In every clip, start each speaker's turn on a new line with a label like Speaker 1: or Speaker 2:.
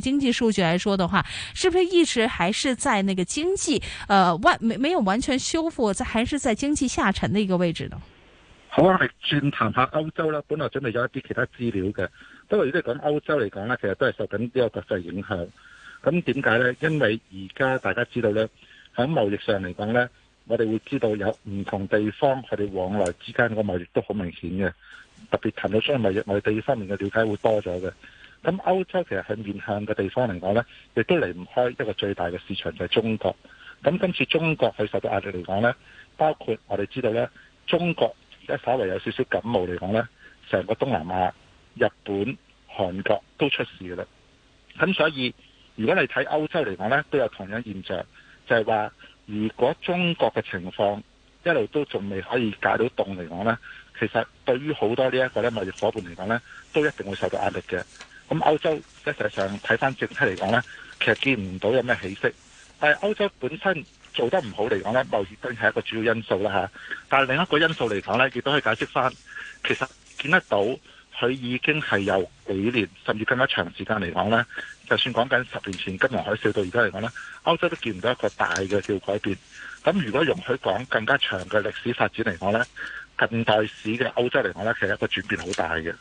Speaker 1: 經濟數據來說的話，是不是一直還是在那個經濟，呃，沒沒有完全修復，在還是在經濟下沉的一個位置呢？
Speaker 2: 好、啊，我哋轉談下歐洲啦。本來準備咗一啲其他資料嘅，不過如果講歐洲嚟講咧，其實都係受緊呢個國際影響。咁點解呢？因為而家大家知道呢，喺貿易上嚟講呢，我哋會知道有唔同地方佢哋往來之間個貿易都好明顯嘅，特別談到商來貿易第地方面嘅了解會多咗嘅。咁歐洲其實係面向嘅地方嚟講呢，亦都離唔開一個最大嘅市場就係中國。咁今次中國佢受到壓力嚟講呢，包括我哋知道呢，中國而家稍微有少少感冒嚟講呢，成個東南亞、日本、韓國都出事嘅啦。咁所以，如果你睇歐洲嚟講呢，都有同樣現象，就係話如果中國嘅情況一路都仲未可以解到凍嚟講呢，其實對於好多呢一個呢，貿易夥伴嚟講呢，都一定會受到壓力嘅。咁歐洲實際上睇翻政策嚟講呢，其實見唔到有咩起色。但係歐洲本身做得唔好嚟講呢，貿易真係一個主要因素啦嚇。但係另一個因素嚟講呢，亦都可以解釋翻，其實見得到佢已經係有幾年甚至更加長時間嚟講呢。就算講緊十年前金融海嘯到而家嚟講呢，歐洲都見唔到一個大嘅叫改變。咁如果容許講更加長嘅歷史發展嚟講呢，近代史嘅歐洲嚟講呢，其實一個轉變好大嘅。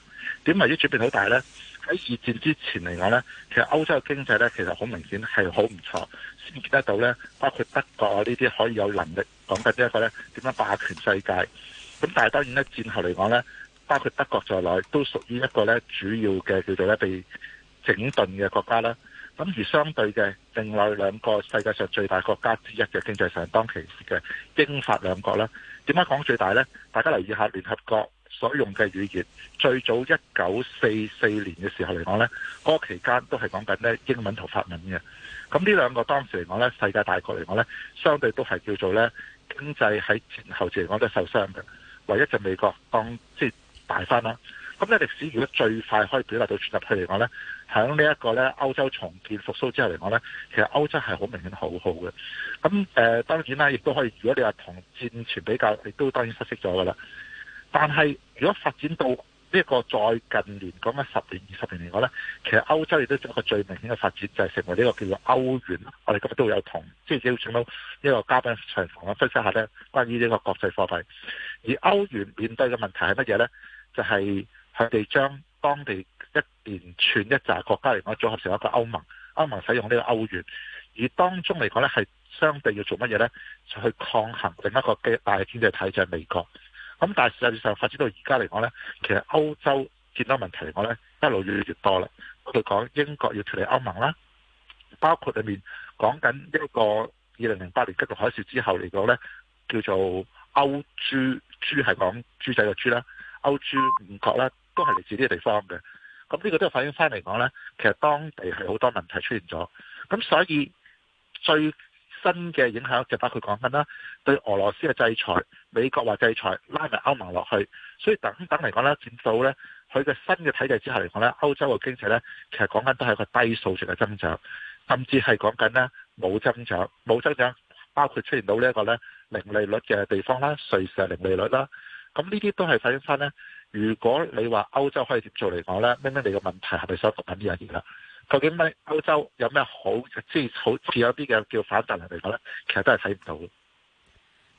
Speaker 2: 點為咗轉變好大呢？喺二戰之前嚟講呢，其實歐洲嘅經濟呢，其實好明顯係好唔錯，先見得到呢，包括德國啊呢啲可以有能力講緊呢一個呢點樣霸權世界。咁但係當然呢，戰後嚟講呢，包括德國在內都屬於一個呢主要嘅叫做呢被整頓嘅國家啦。咁而相對嘅另外兩個世界上最大國家之一嘅經濟上當其時嘅英法兩國呢，點解講最大呢？大家留意下聯合國。所用嘅語言，最早一九四四年嘅時候嚟講呢，嗰、那個、期間都係講緊呢英文同法文嘅。咁呢兩個當時嚟講呢，世界大國嚟講呢，相對都係叫做呢經濟喺前後期嚟講都係受傷嘅。唯一就美國當即大翻啦。咁呢歷史如果最快可以表達到傳入去嚟講呢，喺呢一個呢歐洲重建復甦之後嚟講呢，其實歐洲係好明顯好好嘅。咁誒、呃、當然啦，亦都可以如果你話同戰前比較，亦都當然失色咗噶啦。但係，如果發展到呢個再近年講緊十年、二十年嚟講呢，其實歐洲亦都做一個最明顯嘅發展，就係、是、成為呢個叫做歐元。我哋今日都有同即係邀請到呢個嘉賓上堂去分析下呢關於呢個國際貨幣。而歐元面對嘅問題係乜嘢呢？就係佢哋將當地一連串一紮國家嚟講組合成一個歐盟，歐盟使用呢個歐元。而當中嚟講呢，係相對要做乜嘢呢？就去抗衡另一個嘅大經濟體，就係、是、美國。咁但係事實上發展到而家嚟講呢，其實歐洲見到問題嚟講呢，一路越嚟越多啦。佢講講英國要脫離歐盟啦，包括裏面講緊一個二零零八年金融海嘯之後嚟講呢，叫做歐豬豬係講豬仔嘅豬啦，歐豬五國啦，都係嚟自呢個地方嘅。咁呢個都係反映翻嚟講呢，其實當地係好多問題出現咗。咁所以最真嘅影響就由佢講緊啦。對俄羅斯嘅制裁，美國話制裁，拉埋歐盟落去，所以等等嚟講呢整數呢，佢嘅新嘅體制之下嚟講呢，歐洲嘅經濟呢，其實講緊都係一個低數值嘅增長，甚至係講緊呢冇增長，冇增長，包括出現到呢一個呢零利率嘅地方啦，瑞士嘅零利率啦，咁呢啲都係反映翻呢。如果你話歐洲可以接觸嚟講呢，咩咩你嘅問題係咪收讀緊呢樣嘢啦？究竟咩歐洲有咩好即係好似，似有啲嘅叫反彈嚟講咧，其實都係睇唔到。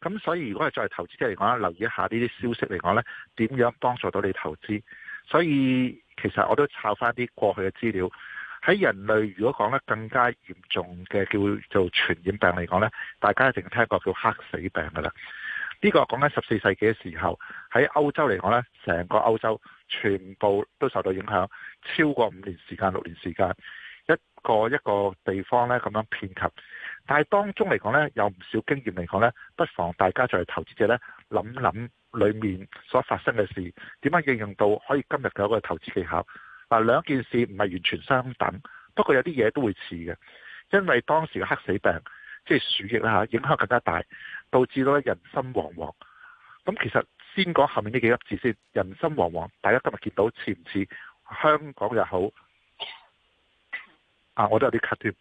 Speaker 2: 咁所以如果係作為投資者嚟講咧，留意一下呢啲消息嚟講咧，點樣幫助到你投資？所以其實我都抄返啲過去嘅資料。喺人類如果講咧更加嚴重嘅叫做傳染病嚟講咧，大家一定聽過叫黑死病㗎啦。呢個講緊十四世紀嘅時候，喺歐洲嚟講咧，成個歐洲全部都受到影響，超過五年時間、六年時間，一個一個地方咧咁樣遍及。但係當中嚟講呢，有唔少經驗嚟講呢，不妨大家作為投資者呢，諗諗裏面所發生嘅事，點樣應用到可以今日嘅一個投資技巧。嗱，兩件事唔係完全相等，不過有啲嘢都會似嘅，因為當時嘅黑死病，即係鼠疫啦，影響更加大，導致到人心惶惶。咁其實先講後面呢幾粒字先，人心惶惶，大家今日見到似唔似香港又好？啊，我都有啲 cut 添。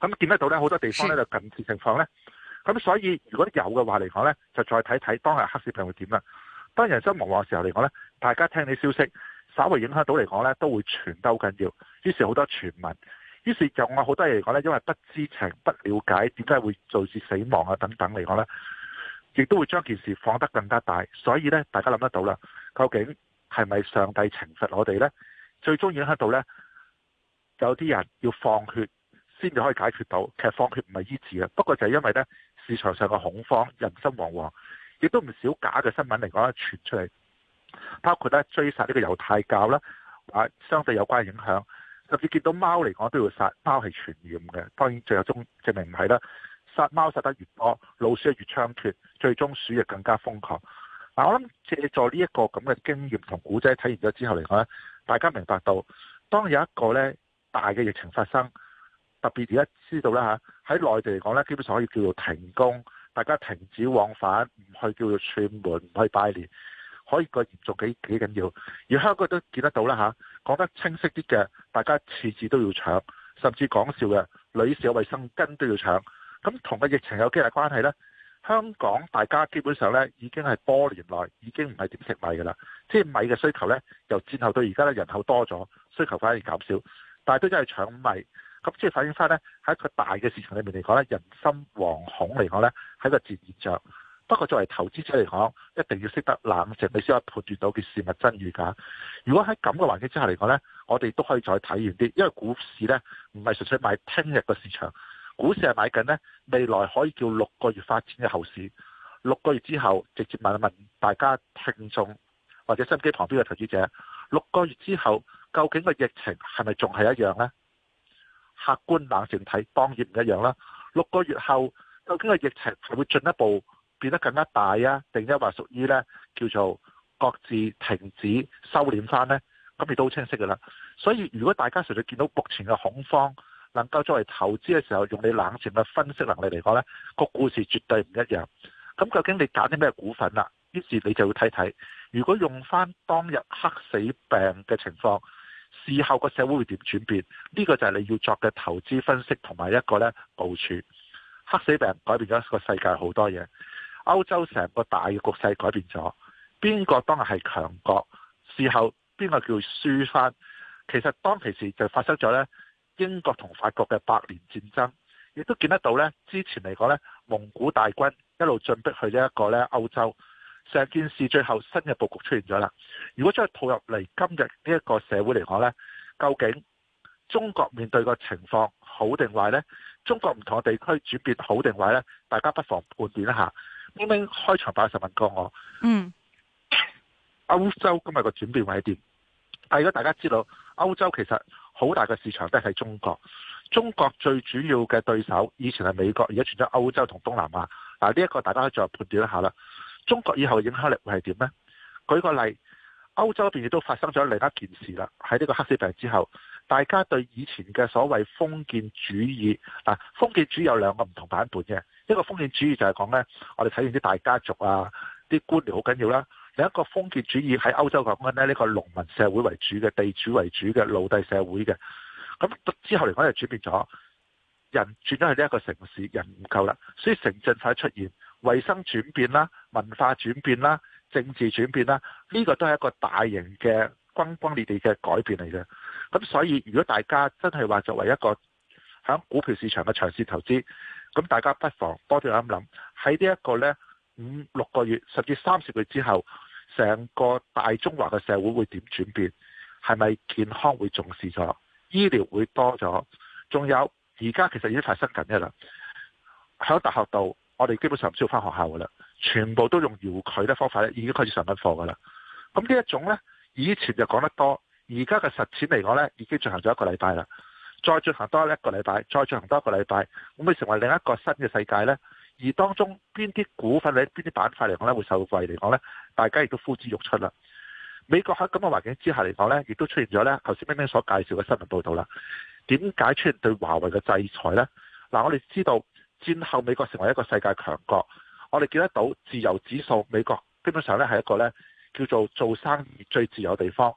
Speaker 2: 咁見得到咧，好多地方咧就近接情況咧。咁所以如果有嘅話嚟講咧，就再睇睇當日黑死病會點啦。當人心惶惶嘅時候嚟講咧，大家聽啲消息，稍微影響到嚟講咧，都會傳得好緊要。於是好多傳聞，於是就我好多人嚟講咧，因為不知情、不了解點解會導致死亡啊等等嚟講咧，亦都會將件事放得更加大。所以咧，大家諗得到啦，究竟係咪上帝懲罰我哋咧？最終影響到呢，咧，有啲人要放血。先至可以解決到。其實放血唔係醫治嘅，不過就係因為呢市場上嘅恐慌，人心惶惶，亦都唔少假嘅新聞嚟講咧傳出嚟，包括咧追殺呢個猶太教啦，相對有關影響，甚至見到貓嚟講都要殺貓，係傳染嘅。當然最後終證明唔係啦，殺貓殺得越多，老鼠越猖獗，最終鼠疫更加瘋狂。嗱，我諗借助呢一個咁嘅經驗同古仔體驗咗之後嚟講呢，大家明白到當有一個呢大嘅疫情發生。特別而家知道呢？嚇喺內地嚟講咧，基本上可以叫做停工，大家停止往返，唔去叫做串門，唔去拜年，可以個嚴重幾幾緊要。而香港都見得到啦嚇，講得清晰啲嘅，大家次次都要搶，甚至講笑嘅女衛生巾都要搶。咁同個疫情有幾大關係咧，香港大家基本上咧已經係多年來已經唔係點食米㗎啦，即係米嘅需求咧由戰後到而家咧人口多咗，需求反而減少，但係都真係搶米。咁即係反映翻呢，喺一個大嘅市場裏面嚟講呢，人心惶恐嚟講呢，係個自然象。不過作為投資者嚟講，一定要識得冷靜，你先可以判斷到件事物真與假。如果喺咁嘅環境之下嚟講呢，我哋都可以再睇完啲，因為股市呢，唔係純粹買聽日嘅市場，股市係買緊呢未來可以叫六個月發展嘅後市。六個月之後，直接問一問大家聽眾或者收音機旁邊嘅投資者：六個月之後究竟個疫情係咪仲係一樣呢？客觀冷靜睇，當然唔一樣啦。六個月後究竟個疫情會進一步變得更加大啊？定係話屬於呢叫做各自停止收斂翻呢？咁亦都清晰噶啦。所以如果大家實際見到目前嘅恐慌，能夠作為投資嘅時候，用你冷靜嘅分析能力嚟講呢、個故事絕對唔一樣。咁究竟你揀啲咩股份啦？於是你就會睇睇，如果用翻當日黑死病嘅情況。事後個社會會點轉變？呢個就係你要作嘅投資分析同埋一個呢部署。黑死病改變咗個世界好多嘢，歐洲成個大嘅局勢改變咗，邊個當日係強國？事後邊個叫輸翻？其實當其時就發生咗咧，英國同法國嘅百年戰爭，亦都見得到呢，之前嚟講呢，蒙古大軍一路進逼去呢一個咧歐洲。成件事最後新嘅佈局出現咗啦。如果將佢套入嚟今日呢一個社會嚟講呢，究竟中國面對個情況好定壞呢？中國唔同嘅地區轉變好定壞呢？大家不妨判斷一下。明明開場白問過我，嗯，歐洲今日個轉變位係點？但如果大家知道歐洲其實好大嘅市場都係喺中國，中國最主要嘅對手以前係美國，而家轉咗歐洲同東南亞。嗱，呢一個大家可以再判斷一下啦。中國以後嘅影響力會係點呢？舉個例，歐洲邊亦都發生咗另一件事啦。喺呢個黑死病之後，大家對以前嘅所謂封建主義啊，封建主義有兩個唔同版本嘅。一個封建主義就係講呢：「我哋睇完啲大家族啊，啲官僚好緊要啦。另一個封建主義喺歐洲講緊呢，呢個農民社會為主嘅地主為主嘅奴隸社會嘅。咁之後嚟講就轉變咗，人轉咗去呢一個城市，人唔夠啦，所以城鎮化出現。衛生轉變啦、啊，文化轉變啦、啊，政治轉變啦、啊，呢、這個都係一個大型嘅、轟轟烈烈嘅改變嚟嘅。咁所以，如果大家真係話作為一個響股票市場嘅長線投資，咁大家不妨多啲諗諗喺呢一個呢五六個月，甚至三十個月之後，成個大中華嘅社會會點轉變？係咪健康會重視咗，醫療會多咗？仲有而家其實已經發生緊嘅啦，響大學度。我哋基本上唔需要返學校噶啦，全部都用遙距嘅方法咧，已經開始上緊課噶啦。咁呢一種呢，以前就講得多，而家嘅實踐嚟講呢，已經進行咗一個禮拜啦。再進行多一個禮拜，再進行多一個禮拜，咁唔會成為另一個新嘅世界呢。而當中邊啲股份喺邊啲板塊嚟講呢，會受惠嚟講呢，大家亦都呼之欲出啦。美國喺咁嘅環境之下嚟講呢，亦都出現咗呢頭先冰冰所介紹嘅新聞報道啦。點解出現對華為嘅制裁呢？嗱，我哋知道。戰後美國成為一個世界強國，我哋見得到自由指數，美國基本上咧，係一個咧叫做做生意最自由地方。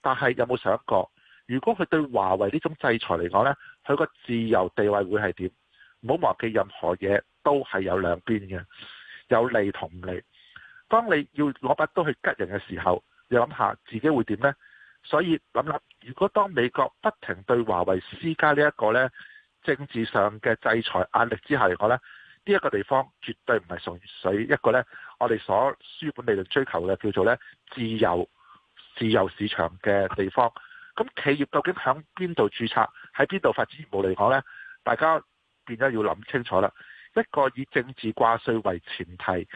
Speaker 2: 但係有冇想過，如果佢對華為呢種制裁嚟講咧，佢個自由地位會係點？唔好忘記任何嘢都係有兩邊嘅，有利同唔利。當你要攞把刀去拮人嘅時候，你諗下自己會點呢？所以諗諗，如果當美國不停對華為施加呢一個咧，政治上嘅制裁壓力之下嚟講呢，呢一個地方絕對唔係純粹一個呢，我哋所書本理論追求嘅叫做自由自由市場嘅地方。咁企業究竟響邊度註冊，喺邊度發展業務嚟講呢，大家變咗要諗清楚啦。一個以政治掛帥為前提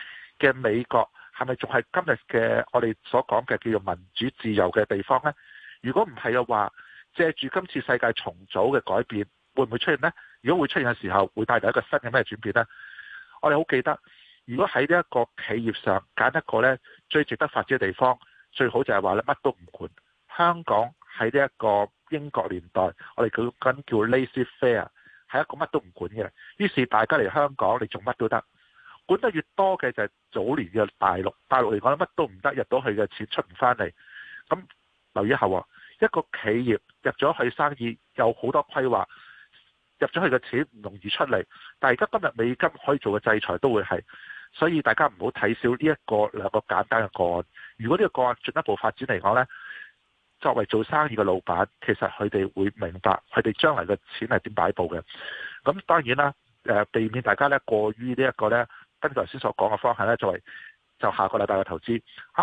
Speaker 2: 嘅美國，係咪仲係今日嘅我哋所講嘅叫做民主自由嘅地方呢？如果唔係嘅話，借住今次世界重組嘅改變，會唔會出現呢？如果會出現嘅時候，會帶嚟一個新嘅咩轉變呢？我哋好記得，如果喺呢一個企業上揀一個呢最值得發展嘅地方，最好就係話呢乜都唔管。香港喺呢一個英國年代，我哋叫緊叫 lazy fair，係一個乜都唔管嘅。於是大家嚟香港，你做乜都得。管得越多嘅就係早年嘅大陸，大陸嚟講乜都唔得，入到去嘅錢出唔返嚟。咁留意一下喎，一個企業入咗去生意有好多規劃。入咗去嘅錢唔容易出嚟，但係而家今日美金可以做嘅制裁都會係，所以大家唔好睇少呢一個兩個簡單嘅個案。如果呢個個案進一步發展嚟講呢，作為做生意嘅老闆，其實佢哋會明白佢哋將來嘅錢係點擺布嘅。咁當然啦，誒避免大家呢過於呢一個呢跟住頭先所講嘅方向呢，作為就下個禮拜嘅投資。啱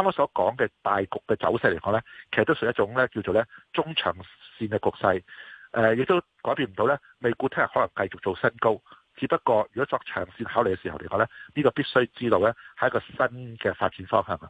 Speaker 2: 啱所講嘅大局嘅走勢嚟講呢，其實都係一種呢叫做呢中長線嘅局勢。誒亦都改變唔到咧，美股聽日可能繼續做新高，只不過如果作長線考慮嘅時候嚟講咧，呢個必須知道咧，係一個新嘅發展方向啊！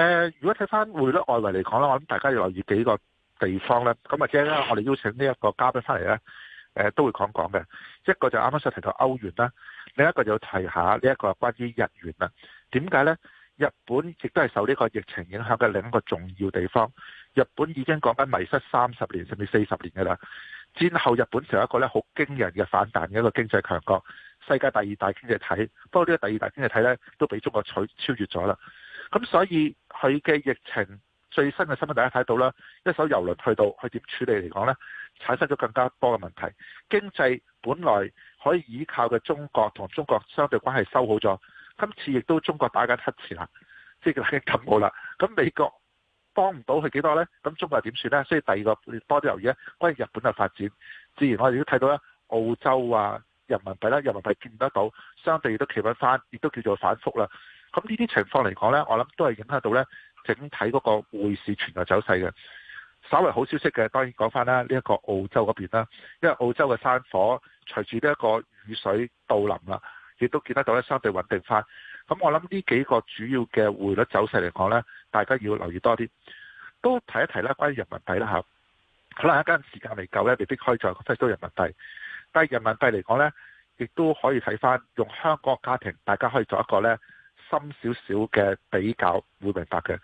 Speaker 2: 誒、呃，如果睇翻匯率外圍嚟講啦，我諗大家要留意幾個地方咧。咁或者咧，我哋邀請呢一個嘉賓翻嚟咧，誒都會講講嘅。一個就啱啱所提到歐元啦，另一個就要提下呢一個關於日元啦。點解咧？日本亦都係受呢個疫情影響嘅另一個重要地方。日本已經講緊迷失三十年甚至四十年㗎啦。戰後日本就有一個咧好驚人嘅反彈嘅一個經濟強國，世界第二大經濟體。不過呢個第二大經濟體咧都俾中國取超越咗啦。咁所以佢嘅疫情最新嘅新聞大家睇到啦，一艘遊輪去到，佢點處理嚟講呢，產生咗更加多嘅問題。經濟本來可以依靠嘅中國同中國相對關係收好咗，今次亦都中國打緊乞嗤啦，即係打緊感冒啦。咁美國幫唔到佢幾多呢？咁中國又點算呢？所以第二個多啲留意咧，關於日本嘅發展。自然我哋都睇到啦，澳洲啊，人民幣啦、人民幣見得到，相對亦都企穩翻，亦都叫做反覆啦。咁呢啲情況嚟講呢，我諗都係影響到呢整體嗰個匯市全球走勢嘅。稍微好消息嘅，當然講翻啦，呢一個澳洲嗰邊啦，因為澳洲嘅山火隨住呢一個雨水到臨啦，亦都見得到呢相對穩定翻。咁我諗呢幾個主要嘅匯率走勢嚟講呢，大家要留意多啲。都提一提啦關於人民幣啦可能啦，一陣時間未夠呢，未必可以再講翻都人民幣。但係人民幣嚟講呢，亦都可以睇翻用香港家庭大家可以做一個呢。深少少嘅比較會明白嘅。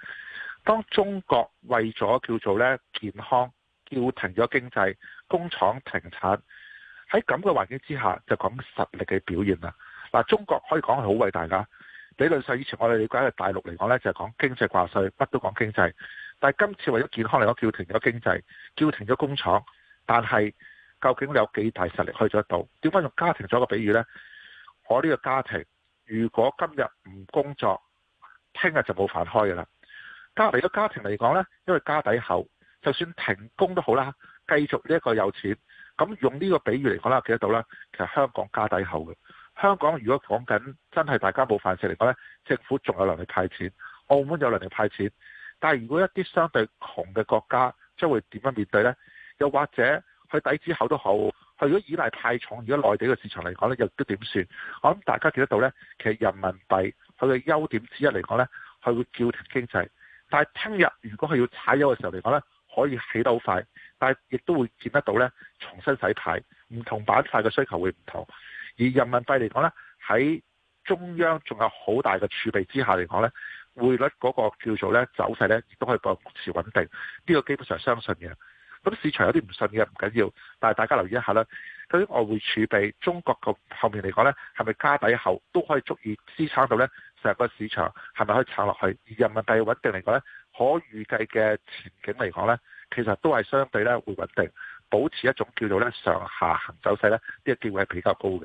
Speaker 2: 當中國為咗叫做咧健康，叫停咗經濟，工廠停產，喺咁嘅環境之下就講實力嘅表現啦。嗱，中國可以講係好偉大噶。理論上以前我哋理解嘅大陸嚟講咧就係講經濟掛帥，乜都講經濟。但係今次為咗健康嚟講叫停咗經濟，叫停咗工廠，但係究竟有幾大實力去做得到？點解用家庭做一個比喻呢？我呢個家庭。如果今日唔工作，聽日就冇飯開嘅啦。隔離個家庭嚟講呢，因為家底厚，就算停工都好啦，繼續呢一個有錢。咁用呢個比喻嚟講啦，記得到啦。其實香港家底厚嘅。香港如果講緊真係大家冇飯食嚟講呢，政府仲有能力派錢，澳門有能力派錢。但係如果一啲相對窮嘅國家，將會點樣面對呢？又或者佢底子厚都好。佢如果依賴太重，而家內地嘅市場嚟講咧，又都點算？我諗大家見得到咧，其實人民幣佢嘅優點之一嚟講咧，佢會叫停經濟。但係聽日如果佢要踩油嘅時候嚟講咧，可以起得好快，但係亦都會見得到咧重新洗牌。唔同板塊嘅需求會唔同，而人民幣嚟講咧，喺中央仲有好大嘅儲備之下嚟講咧，匯率嗰個叫做咧走勢咧，亦都可以保持穩定。呢個基本上相信嘅。咁市場有啲唔信嘅，唔緊要，但係大家留意一下啦。究竟外匯儲備，中國個後面嚟講呢，係咪家底厚都可以足以支撐到呢？成個市場係咪可以撐落去？而人民幣穩定嚟講呢，可預計嘅前景嚟講呢，其實都係相對呢會穩定，保持一種叫做呢上下行走勢呢，呢、呢個機會係比較高嘅。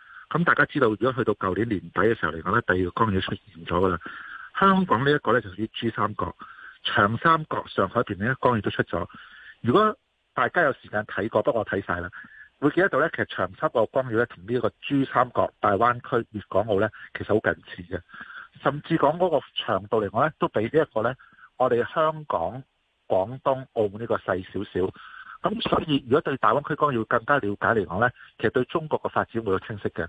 Speaker 2: 咁大家知道，如果去到舊年年底嘅時候嚟講咧，第二個綱要出現咗噶啦。香港呢一個咧就屬於珠三角、長三角、上海邊呢一個綱要都出咗。如果大家有時間睇過，不過我睇晒啦，會記得到咧，其實長三角綱要咧同呢一個珠三角大灣區、粵港澳咧其實好近似嘅，甚至講嗰個長度嚟講咧，都比呢一個咧我哋香港、廣東、澳門呢個細少少。咁所以，如果對大灣區綱要更加了解嚟講呢，其實對中國嘅發展會有清晰嘅。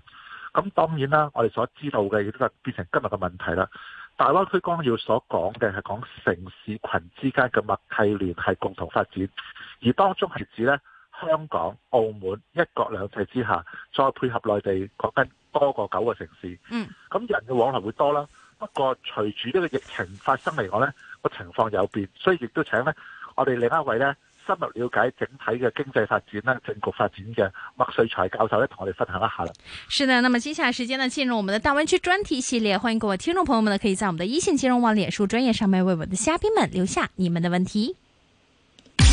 Speaker 2: 咁當然啦，我哋所知道嘅亦都係變成今日嘅問題啦。大灣區綱要所講嘅係講城市群之間嘅默契聯繫、共同發展，而當中係指呢香港、澳門一國兩制之下，再配合內地講緊多過九個城市。嗯。咁人嘅往來會多啦。不過，隨住呢個疫情發生嚟講呢，個情況有變，所以亦都請呢我哋另一位呢。深入了解整體嘅經濟發展啦，政局發展嘅麥穗才教授咧，同我哋分享一下啦。
Speaker 1: 是的，那麼接下來時間呢，進入我們的大灣區專題系列，歡迎各位聽眾朋友們呢，可以在我們的一線金融網臉書專頁上面為我們的嘉賓們留下你們的問題。